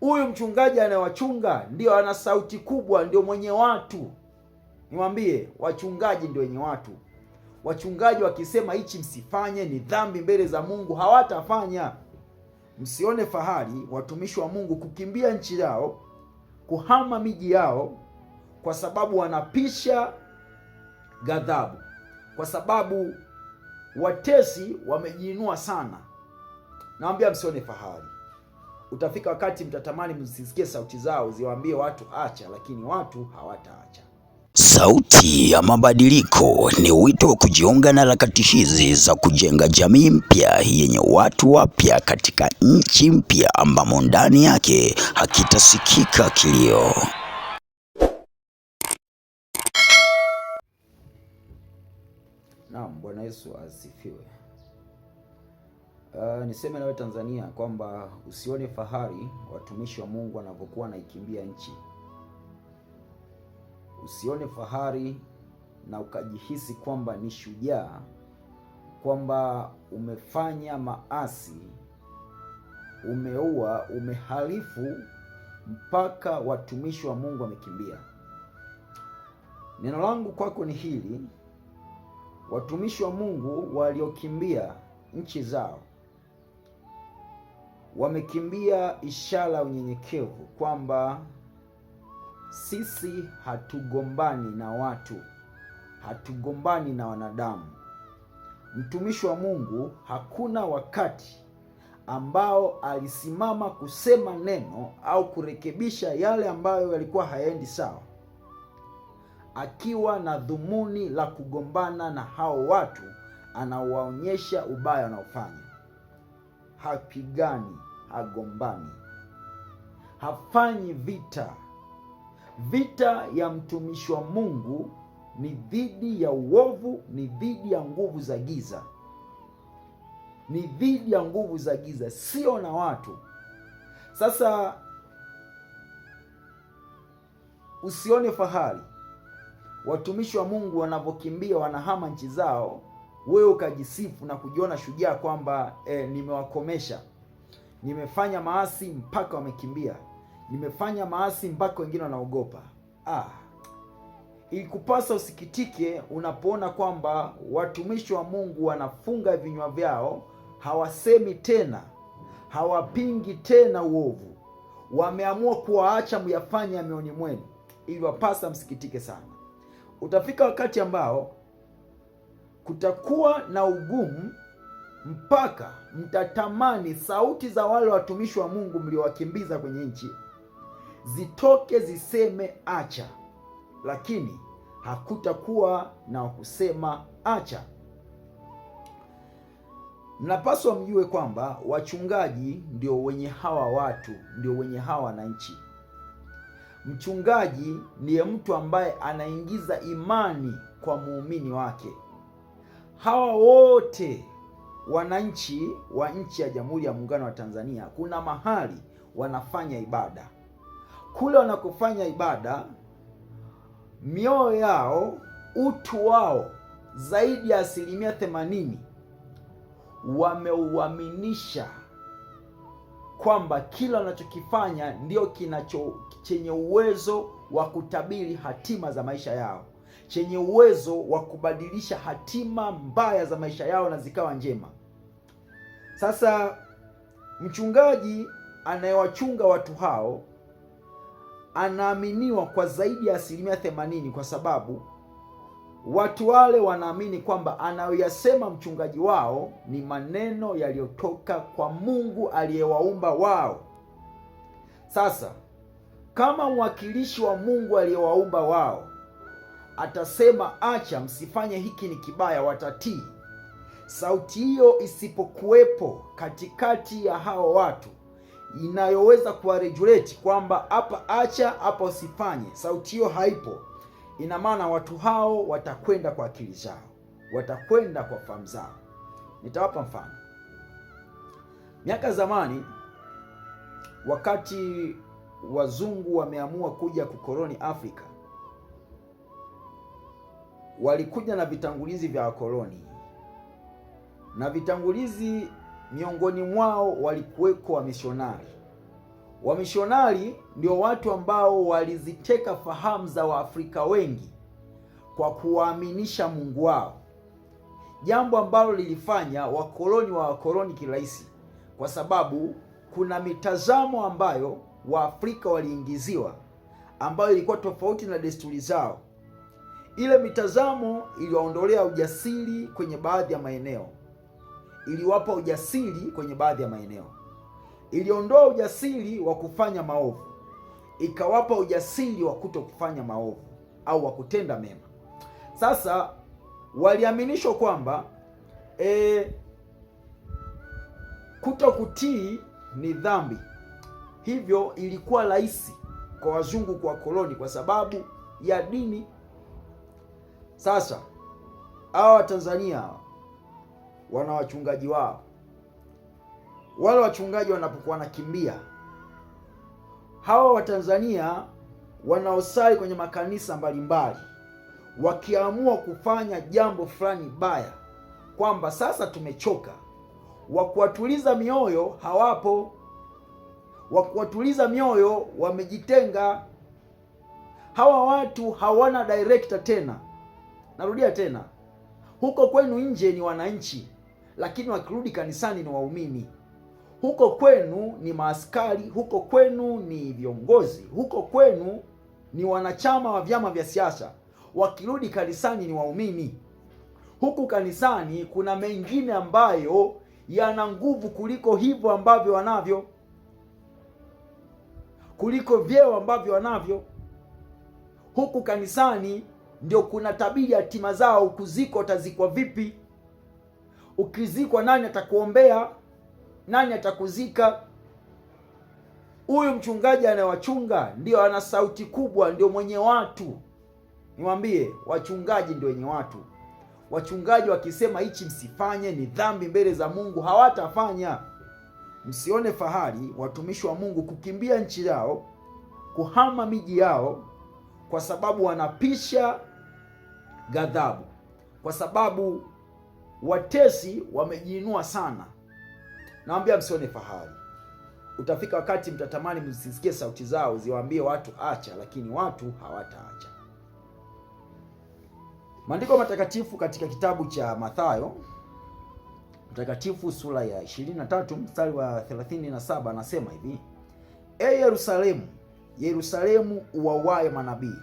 Huyu mchungaji anayewachunga ndio ana sauti kubwa, ndio mwenye watu. niwambie wachungaji ndio wenye watu. Wachungaji wakisema hichi msifanye, ni dhambi mbele za Mungu, hawatafanya. Msione fahari watumishi wa Mungu kukimbia nchi yao, kuhama miji yao, kwa sababu wanapisha ghadhabu, kwa sababu watesi wamejiinua sana. Naambia, msione fahari utafika wakati mtatamani msisikie sauti zao ziwaambie watu acha, lakini watu hawataacha. Sauti ya Mabadiliko ni wito wa kujiunga na harakati hizi za kujenga jamii mpya yenye watu wapya katika nchi mpya ambamo ndani yake hakitasikika kilio. Naam, Bwana Yesu asifiwe. Uh, niseme nawe Tanzania kwamba usione fahari watumishi wa Mungu wanavyokuwa naikimbia nchi. Usione fahari na ukajihisi kwamba ni shujaa, kwamba umefanya maasi, umeua, umehalifu mpaka watumishi wa Mungu wamekimbia. Neno langu kwako ni hili, watumishi wa Mungu waliokimbia nchi zao wamekimbia ishara ya unyenyekevu kwamba sisi hatugombani na watu, hatugombani na wanadamu. Mtumishi wa Mungu hakuna wakati ambao alisimama kusema neno au kurekebisha yale ambayo yalikuwa hayaendi sawa, akiwa na dhumuni la kugombana na hao watu anawaonyesha ubaya wanaofanya. Hapigani hagombani, hafanyi vita. Vita ya mtumishi wa Mungu ni dhidi ya uovu, ni dhidi ya nguvu za giza, ni dhidi ya nguvu za giza, sio na watu. Sasa usione fahari watumishi wa Mungu wanavyokimbia, wanahama nchi zao, wewe ukajisifu na kujiona shujaa kwamba eh, nimewakomesha nimefanya maasi mpaka wamekimbia, nimefanya maasi mpaka wengine wanaogopa. Ah, ilikupasa usikitike unapoona kwamba watumishi wa Mungu wanafunga vinywa vyao, hawasemi tena, hawapingi tena uovu, wameamua kuwaacha myafanye ya mioni mwenu. Iliwapasa msikitike sana. Utafika wakati ambao kutakuwa na ugumu mpaka mtatamani sauti za wale watumishi wa Mungu mliowakimbiza kwenye nchi zitoke ziseme acha, lakini hakutakuwa na kusema acha. Mnapaswa mjue kwamba wachungaji ndio wenye hawa watu, ndio wenye hawa wananchi. Mchungaji ni mtu ambaye anaingiza imani kwa muumini wake. Hawa wote wananchi wa nchi ya Jamhuri ya Muungano wa Tanzania kuna mahali wanafanya ibada. Kule wanakofanya ibada, mioyo yao, utu wao zaidi ya asilimia themanini wameuaminisha kwamba kila wanachokifanya ndio kinacho chenye uwezo wa kutabiri hatima za maisha yao chenye uwezo wa kubadilisha hatima mbaya za maisha yao na zikawa njema. Sasa mchungaji anayewachunga watu hao anaaminiwa kwa zaidi ya asilimia themanini kwa sababu watu wale wanaamini kwamba anayoyasema mchungaji wao ni maneno yaliyotoka kwa Mungu aliyewaumba wao. Sasa kama mwakilishi wa Mungu aliyewaumba wao atasema acha, msifanye hiki ni kibaya, watatii. Sauti hiyo isipokuwepo katikati ya hao watu inayoweza kuwaregulate kwamba hapa acha, hapa usifanye, sauti hiyo haipo, ina maana watu hao watakwenda kwa akili zao, watakwenda kwa fahamu zao. Nitawapa mfano. Miaka zamani, wakati wazungu wameamua kuja kukoloni Afrika, walikuja na vitangulizi vya wakoloni, na vitangulizi miongoni mwao walikuweko wamishonari. Wamishonari ndio watu ambao waliziteka fahamu za Waafrika wengi kwa kuwaaminisha Mungu wao, jambo ambalo lilifanya wakoloni wa wakoloni kirahisi, kwa sababu kuna mitazamo ambayo Waafrika waliingiziwa ambayo ilikuwa tofauti na desturi zao ile mitazamo iliwaondolea ujasiri kwenye baadhi ya maeneo, iliwapa ujasiri kwenye baadhi ya maeneo, iliondoa ujasiri wa kufanya maovu, ikawapa ujasiri wa kuto kufanya maovu au wa kutenda mema. Sasa waliaminishwa kwamba e, kuto kutii ni dhambi, hivyo ilikuwa rahisi kwa wazungu kwa koloni kwa sababu ya dini sasa hawa Watanzania wana wachungaji wao. Wale wachungaji wanapokuwa wanakimbia, hawa Watanzania wanaosali kwenye makanisa mbalimbali wakiamua kufanya jambo fulani baya, kwamba sasa tumechoka, wa kuwatuliza mioyo hawapo, wa kuwatuliza mioyo wamejitenga. Hawa watu hawana director tena Narudia tena, huko kwenu nje ni wananchi, lakini wakirudi kanisani ni waumini. Huko kwenu ni maaskari, huko kwenu ni viongozi, huko kwenu ni wanachama wa vyama vya siasa, wakirudi kanisani ni waumini. Huku kanisani kuna mengine ambayo yana nguvu kuliko hivyo ambavyo wanavyo, kuliko vyeo ambavyo wanavyo. Huku kanisani ndio kuna tabia hatima zao. Ukuzikwa utazikwa vipi? Ukizikwa nani atakuombea? Nani atakuzika? Huyu mchungaji anayewachunga ndio ana sauti kubwa, ndio mwenye watu. Niwaambie, wachungaji ndio wenye watu. Wachungaji wakisema hichi msifanye, ni dhambi mbele za Mungu, hawatafanya. Msione fahari watumishi wa Mungu kukimbia nchi yao, kuhama miji yao, kwa sababu wanapisha ghadhabu, kwa sababu watesi wamejiinua sana. nawambia msione fahari. Utafika wakati mtatamani msisikie sauti zao ziwaambie watu acha, lakini watu hawataacha. Maandiko matakatifu katika kitabu cha Mathayo mtakatifu sura ya 23 mstari wa 37 anasema hivi: E Yerusalemu, Yerusalemu uwauae manabii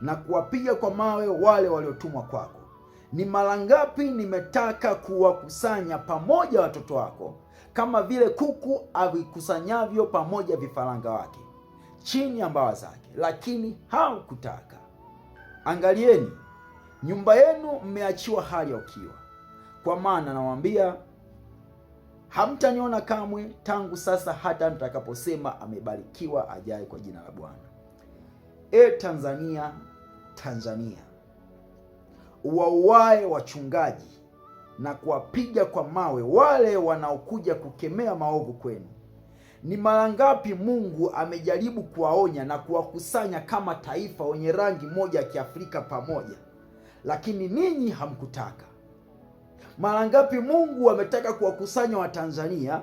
na kuwapiga kwa mawe wale waliotumwa kwako. Ni mara ngapi nimetaka kuwakusanya pamoja watoto wako kama vile kuku avikusanyavyo pamoja vifaranga wake chini ya mbawa zake, lakini haukutaka. Angalieni, nyumba yenu mmeachiwa hali ya ukiwa. Kwa maana nawaambia, hamtaniona kamwe tangu sasa hata mtakaposema, amebarikiwa ajaye kwa jina la Bwana. E Tanzania Tanzania, wauae wachungaji na kuwapiga kwa mawe wale wanaokuja kukemea maovu kwenu. Ni mara ngapi Mungu amejaribu kuwaonya na kuwakusanya kama taifa wenye rangi moja ya Kiafrika pamoja, lakini ninyi hamkutaka. Mara ngapi Mungu ametaka kuwakusanya Watanzania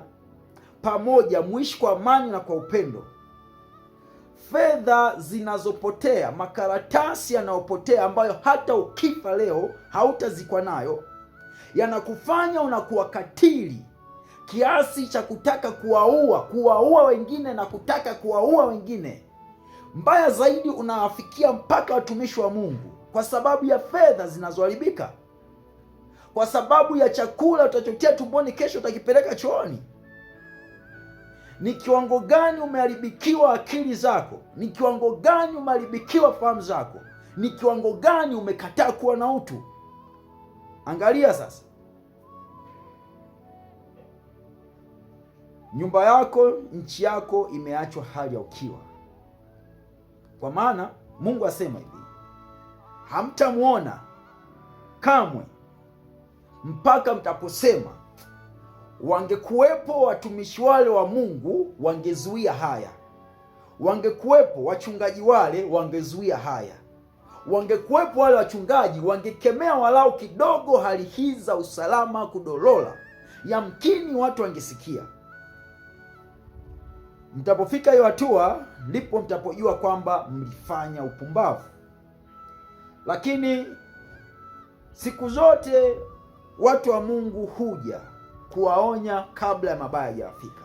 pamoja, muishi kwa amani na kwa upendo fedha zinazopotea, makaratasi yanayopotea ambayo hata ukifa leo hautazikwa nayo, yanakufanya unakuwa katili kiasi cha kutaka kuwaua kuwaua wengine na kutaka kuwaua wengine. Mbaya zaidi, unawafikia mpaka watumishi wa Mungu kwa sababu ya fedha zinazoharibika, kwa sababu ya chakula utachotia tumboni, kesho utakipeleka chooni. Ni kiwango gani umeharibikiwa akili zako? Ni kiwango gani umeharibikiwa fahamu zako? Ni kiwango gani umekataa kuwa na utu? Angalia sasa, nyumba yako, nchi yako imeachwa hali ya ukiwa, kwa maana Mungu asema hivi, hamtamwona kamwe mpaka mtaposema Wangekuwepo watumishi wale wa Mungu wangezuia haya, wangekuwepo wachungaji wale wangezuia haya, wangekuwepo wale wachungaji wangekemea walau kidogo hali hii za usalama kudolola, yamkini watu wangesikia. Mtapofika hiyo hatua, ndipo mtapojua kwamba mlifanya upumbavu. Lakini siku zote watu wa Mungu huja kuwaonya kabla ya mabaya hajafika.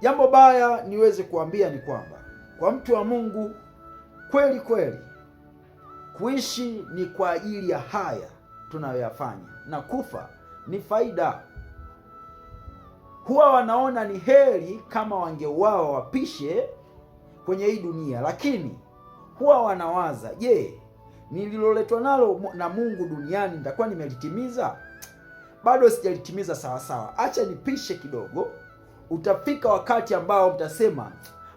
Jambo baya niweze kuambia ni kwamba kwa mtu wa Mungu kweli kweli kuishi ni kwa ajili ya haya tunayoyafanya na kufa ni faida. Huwa wanaona ni heri kama wangeuawa wapishe kwenye hii dunia, lakini huwa wanawaza, je, nililoletwa nalo na Mungu duniani nitakuwa nimelitimiza? bado sijalitimiza sawasawa, acha nipishe kidogo. Utafika wakati ambao mtasema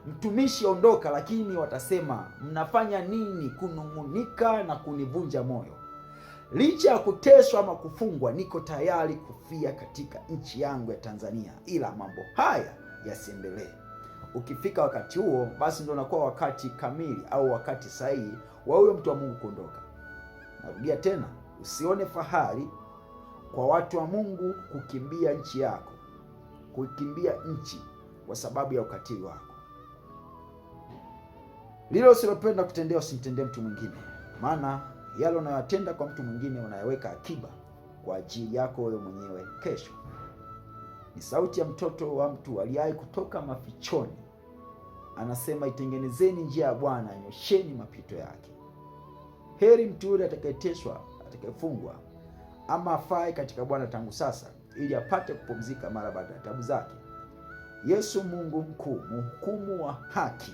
mtumishi ondoka, lakini watasema mnafanya nini kunung'unika na kunivunja moyo? Licha ya kuteswa ama kufungwa, niko tayari kufia katika nchi yangu ya Tanzania, ila mambo haya yasiendelee. Ukifika wakati huo, basi ndio unakuwa wakati kamili au wakati sahihi wa huyo mtu wa Mungu kuondoka. Narudia tena, usione fahari kwa watu wa Mungu kukimbia nchi yako, kuikimbia nchi kwa sababu ya ukatili wako. Lile usilopenda kutendea usimtendee mtu mwingine, maana yale unayoyatenda kwa mtu mwingine unayaweka akiba kwa ajili yako wewe mwenyewe kesho. Ni sauti ya mtoto wa mtu aliyai kutoka mafichoni, anasema, itengenezeni njia ya Bwana, nyosheni mapito yake. Heri mtu yule atakayeteswa, atakayefungwa ama afae katika Bwana tangu sasa, ili apate kupumzika mara baada ya tabu zake. Yesu Mungu mkuu, mhukumu wa haki,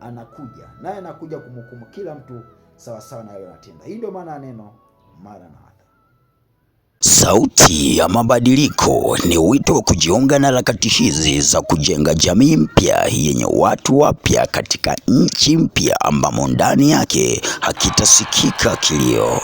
anakuja naye, anakuja kumhukumu kila mtu sawasawa na yale anatenda. Hii ndio maana ya neno mara na hata. Sauti ya Mabadiliko ni wito wa kujiunga na harakati hizi za kujenga jamii mpya yenye watu wapya katika nchi mpya ambamo ndani yake hakitasikika kilio.